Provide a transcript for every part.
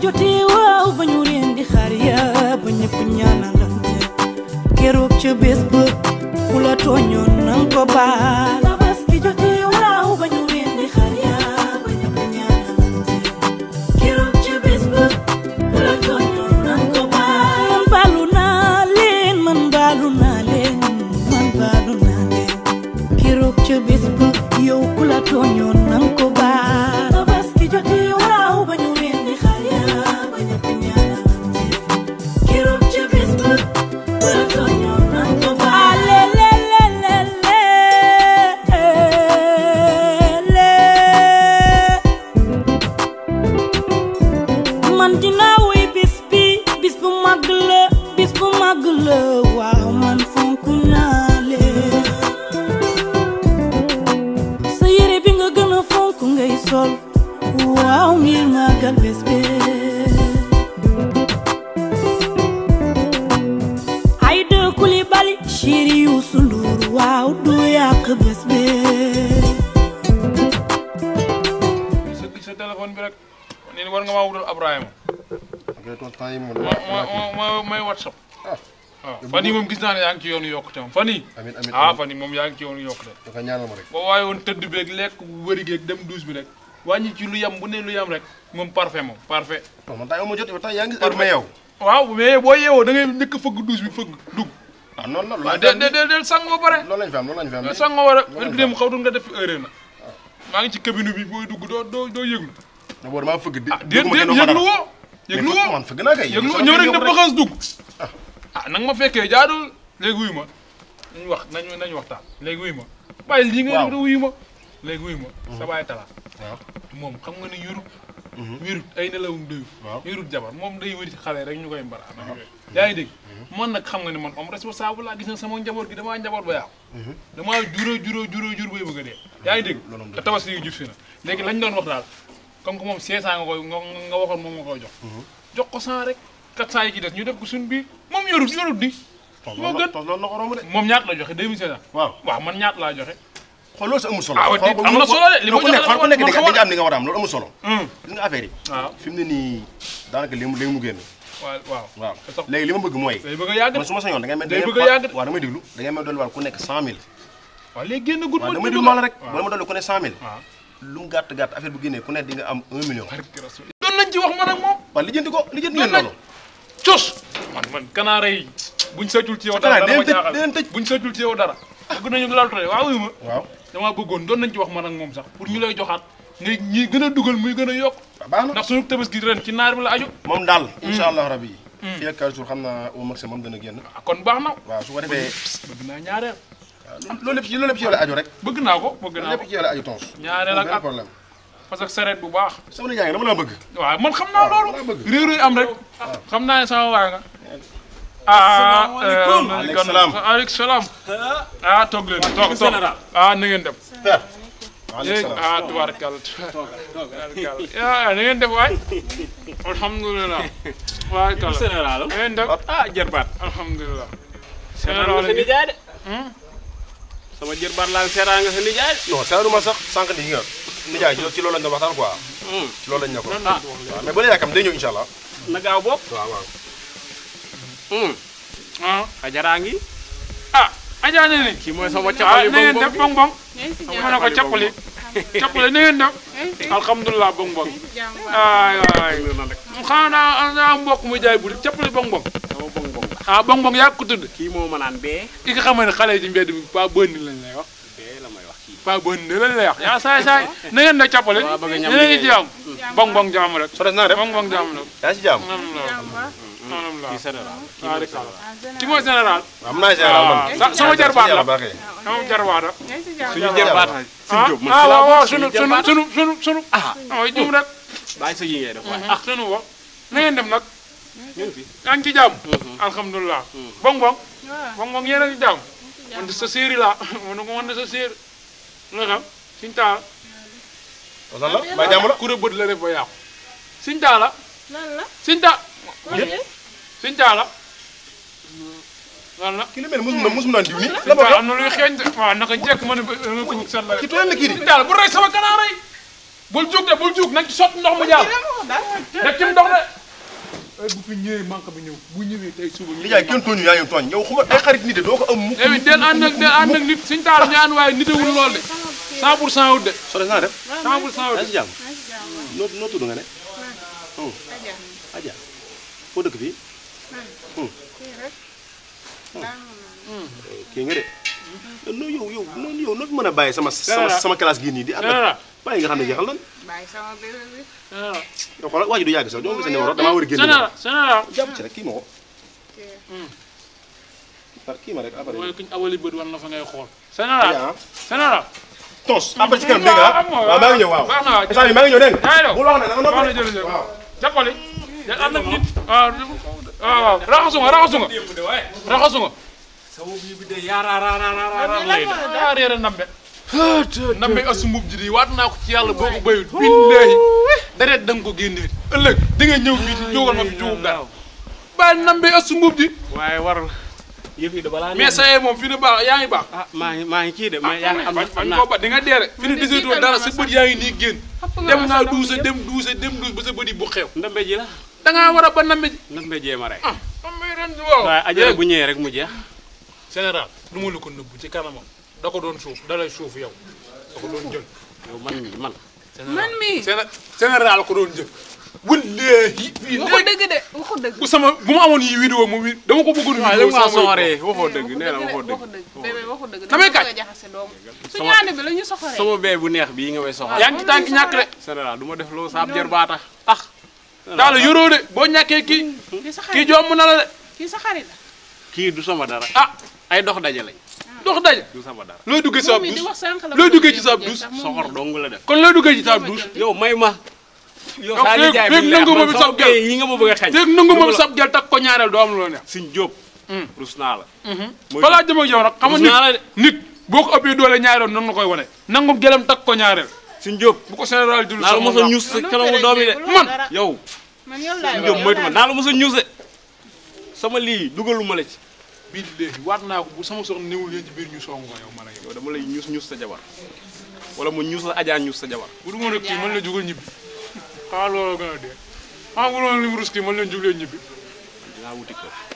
ci jotee waaw ba ñu leen di xaar yaa ba ñëpp ñaanalante keroog ca bés ba ku la tooñoon nan ko ne war nga maa wutal Ibrahima. ma may whatsapp. waaw ah. ah, fan yii moom gis naa ne yaa ngi ci yoonu yokkute moom fan yii. amiin ah fan moom yaa ngi ci yoonu yokkute. dafa waaye woon tëdd beeg lekk wëri geeg dem douche bi rek wàññi ci lu yam bu ne lu yam rek moom parfait moom parfait. non man taa yow ma jot yow taa waaw mais boo yeewoo da ngay njëkk a fëgg douche bi fëgg dugg. ah noonu ah, la loolu lañ fi am de de de sangoo bare. loolu lañ fi am de sangoo bare. loolu lañ fi am xaw def erreur maa ngi ci cabine bi booy dugg doo doo doo yëglu d'abord maa fëgg di. ah déedéet yëg lu woo. yëg lu woo man fëgg naa kay. yëg lu woo ñëw rek ne bëxaas dugg. ah nag ma fekkee jaadul léegi wuyu ma nañu wax nañu nañu waxtaan léegi wuyu ma. waaye lii nga def wuyu ma. léegi wuyu ma. Mhm. sa baay moom xam nga ni yurub. wérut mhm. ay nelawum doyu wérut jabar moom day wéri xale rek ñu koy mbara ah. yaa ngi dégg mhm. man nag xam nga ne man am responsable laa gis sama njaboot gi damaa njaboot ba yàqu damaa juró juró juró jur bay bëgg a dee yaa ngi dégg te tabaski gi jub si na léegi lañ doon wax daal comme que moom 500 nga koy nga waxoon moom nga koy jox. Mhm. jox ko 100 rek 400 yi ci des ñu def ko suñu biir moom yorut yorut di. moo gën tos loolu la ko romb de. moom ñaata la joxe 2500. waaw waaw man ñaata laa joxe. xool loolu sa amul solo. ah am na solo de li ma joxe ku nekk di nga am li nga war a am loolu amul solo. Hmm. gis nga affaire yi. waaw fi mu ne nii daanaka li mu li mu génn. waaw waaw waaw léegi li ma bëgg mooy. day bëgg a yàgg man su ma sañoon da ngay mel. day bëgg a yàgg waaw damay déglu da ngay mel dolli waat ku nekk 100000. waaw léegi génn gudd ma dama déglu ma la rek. waaw dama dolli ku ne 100000. waaw lu mu gàtt a affaire bu génnee ku ne di nga am un million. doon nañ ci wax man ak moom. waaw lijjanti ko lijjanti leen noonu. cos man man kanaara yi buñ sëccul ci yow dara dara ma jaaxal buñ sëccul ci yow dara. bëgg nañu la tole waaw ma waaw damaa bëggoon doon nañ ci wax man ak moom sax pour ñu lay joxaat na ñi gën a dugal muy gën a yokk ah, na ndax ren ci naar bi la aju moom daal mm. insha allah rabbi yi mm. fii ak quinze jours xam naa au maximum dana génn ah, kon baax na waaw su ko defee bëgg naa ñaareel loolu lépp ci loolu lépp ci yow la aju rek. bëgg naa ko bëgg naa ko lépp ci yow la aju tons. ñaareel ak problème parce que sareet bu baax. sama nijaay dama la bëgg. waaw man xam naa loolu. réew yi am rek. xam naa ne sama waa nga. asalaamaaleykum ah, ah, maaleykum eh, salaam maaleykum salaam. Ah. ah toog leen toog toog ah na ngeen dem. maaleykum salaam ah tubaarkalla tubaarkalla ah na ngeen def waay. alhamdulilah. waay kàlla na ngeen def ah jarbaat. alhamdulilah. sama jër baat laa seetaan nga sa nijaay. non seetaanu ma sax sànq di nga nijaay ci loolu lañ doon waxtaan quoi. Hmm. ci loolu lañ ne ko. ah waaw mais bu dee yaakaar na gaaw bopp waaw waaw. Hmm. ah ajaraa ngi. Ah, ne ni. kii mooy sama ah, cappali bong bong na bong bong. ay ay xanaa daa mbokk muy jaay bu cappali bong bong. ah bong bong yaa ko tudd. kii moo ma naan bee. ki nga xam ne xale yi ci mbedd bi pas bëndi lañ lay wax. bee la may wax kii. pas bëndi lañ lay wax yaa saay saay na ngeen nag càppale. waaw bëgg ñam ngi jaam bong bong jaam rek. soo des na rek sunu sunu sunu sunu. ah, ah, ah sunu wo na ngeen dem nag. yaa ngi ci jàmm. Mm-hmm. alhamdulilah. Mm-hmm. bong bong. waaw bong bong yéen a ngi jàmm. man sa séeri laa man de man sa séer. la ba jàmm la ku rëbbët la def ba la suñu ta. suñu taala. lan na mosum diw nii. la am na luy xeeñ de waaw naka njëkk ma ne ba nga ko wut sànq. ki bul juug bul juug nañ ci ndox mu jaar. def ci ndox de. Eh, bu fi ñëwee manque bi ñëw bu ñëwee tey suba. li jaay kenn tooñu yaa tooñ yow xuma ay xarit nit de doo ko am. mu mu mu del ànd ak del ànd ak nit suñu taal ñaan waaye nitewul lool de. 100 pour 100 wut de. soo def naa def. pour 100 wut de maa ngi noo tudd nga ne. Adja. Adja dëkk fii. kii eh, de. non yow yow noonu yow nag a bàyyi sama sama sama classe gii nii di. a bàyyi nga xam ne jeexal lan. bàyyi sama bébé bi. yow xoolal du yàgg sax doo a génn. jàpp ci ma ko. par kii ma rek après. mooy kuñ awali bët war na fa ngay xool. général général. tos ci kanam dégg nga waaw maa ngi waaw. baax na waaw instant bii sama bii bi a nambe. nambe asu mbub ji di waat naa ko ci yàlla boo ko béyul. billaahi da ko génnee ëllëg di nga ñëw fii ci jógal ma fi jógu dara. bàyyi nambe asu mbub ji. waaye war na yëf yi de balaa mais sa yee moom yaa ngi baax. ah maa ngi maa ngi kii de mais yaa ngi am na am naa ba di nga deere fi ne desetoo dara sa dem naa bu xew. ji la. da war a ba nambe ji. ndambe jee ma rek. ah ndambe ren bu ñëwee rek mu jeex général lu mu la ko ci kanamam da ko doon suuf dalay suuf yow da ko doon jël. yow man mii man. man mii général ko doon jël. wallaahi. fii waxoo dëgg de bu sama bu ma amoon yi vidéo mu wi dama ko bëggoon. vidéo sama dëgg nee na waxoo dëgg. waxoo dëgg damay kañ su ñaane bi la ñu bu neex bii nga may soxoree. yaa ngi ci tànk ñàkk de. général du ma def loo saab jër baata ah. daal ah. yoroo de boo ñàkkee kii. kii jomb na de. kii sa xarit kii du sama dara ah. ay dox daje lañ. dox daje du sama dara. looy duggee ci sa douche looy duggee ci sa douche soxor dong la def. kon looy duggee ci sa yow may ma. yow Salick Ndiaye bi leer man soo ko yi nga ma bëgg a xañ. dégg nangu ma bi sab takk ko ñaareel doo am loo neex. suñ jóob. Mm. naa la. Mm-hmm. mooy balaa jëm ak yow nag xam nga nit nit boo ko doole ñaari yoon nan la koy wane. nangum jëlam takk ko ñaareel. suñ jóob bu ko général dul naa la mos a ñuus sa kanamu doom yi de man yow. man yow laay ma naa la mos a sama lii dugaluma la ci bii léegi waat naa ko bu sama soxna newul yéen ci biir ñu song lay ñuus ñuus sa jabar wala mu ñuus la ajaa ñuus sa jabar bu du moon ak kii mën la jugal ñibbi xanaa loolu gën a dee xanaa ah, bu doon li mu ruski mën leen jugleen ñibbi dinaa wuti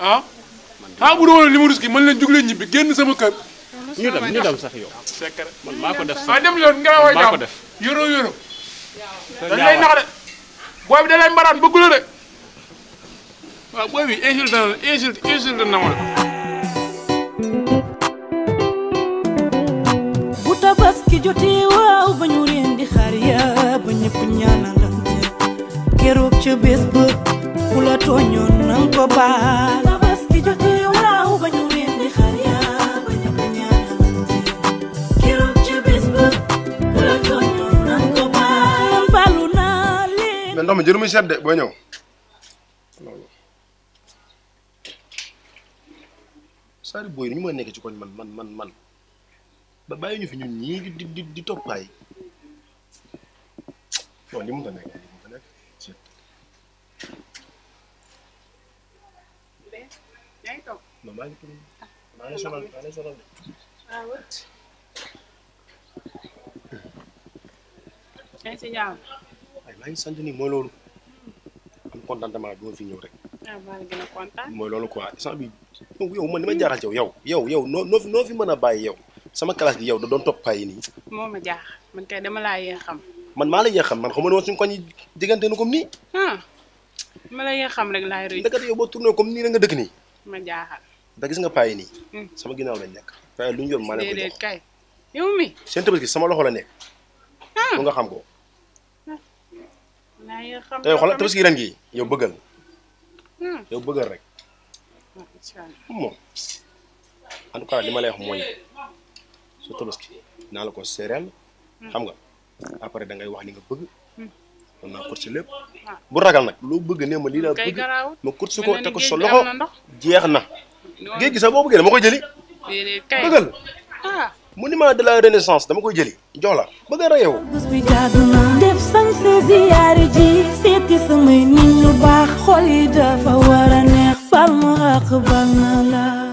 ah? ah, ruski mën leen jugleen ñibbi génn sama kër ñu dem ñu dem sax yow secret man de booy bi da lay mbaraan bëggu la de waaw booy bi insulte na insulte insulte na jotee waaw ba ñu leen di xaar yaa ba ñëpp ñaanalante keroog la tooñoon nan ko baal tabaski jotee waaw ba ñu leen di xaar yaa ba ñëpp ku la tooñoon nan ko baal baalu naa boo ñëw saari booy ci koñ man man ba bàyyi ñu fi ñun ñii di di di di toppaay non li ngi tudd maa ngi sonal ah, ni mooy loolu. am contentement bi ma fi ñëw rek. ah maa mooy loolu quoi sax bi yow man li ma jaaxal ci yow yow yow noo noo fi mën a bàyyi yow. sama classe gi yow da doon topp paa yi nii. moo ma jaax man kay dama laa yee man maa la yee man xamu ne woon suñu koñ yi diggante nu nii. Hmm. ma la yee xam rek laay rëy. ndekete comme nii nga dëkk nii. ma jaaxal. da yi nii. Hmm. sama ginnaaw lañ nekk. lu ñu yor maa leen ko jox déedéet kay la nekk. Hmm. nga xam ko. te yow xoolal tabaski ren gi yow bëggal. yow bëggal rek. moom en tout cas li ma lay wax mooy su tabaski naa hmm. xam nga après da ngay wax ni nga bëgg mën hmm. naa kursi lépp ah. bu ragal nag loo bëgg ne ma lii laa bëgg ma kursi ko te ko loxo jeex na géej gi sax boo bëggee dama koy jëli bëggal ah. monument de la renaissance dama koy jëli jox la bëgg a reyewu def sang sa ziyaare baax xol dafa war a neex bal ma xaq na la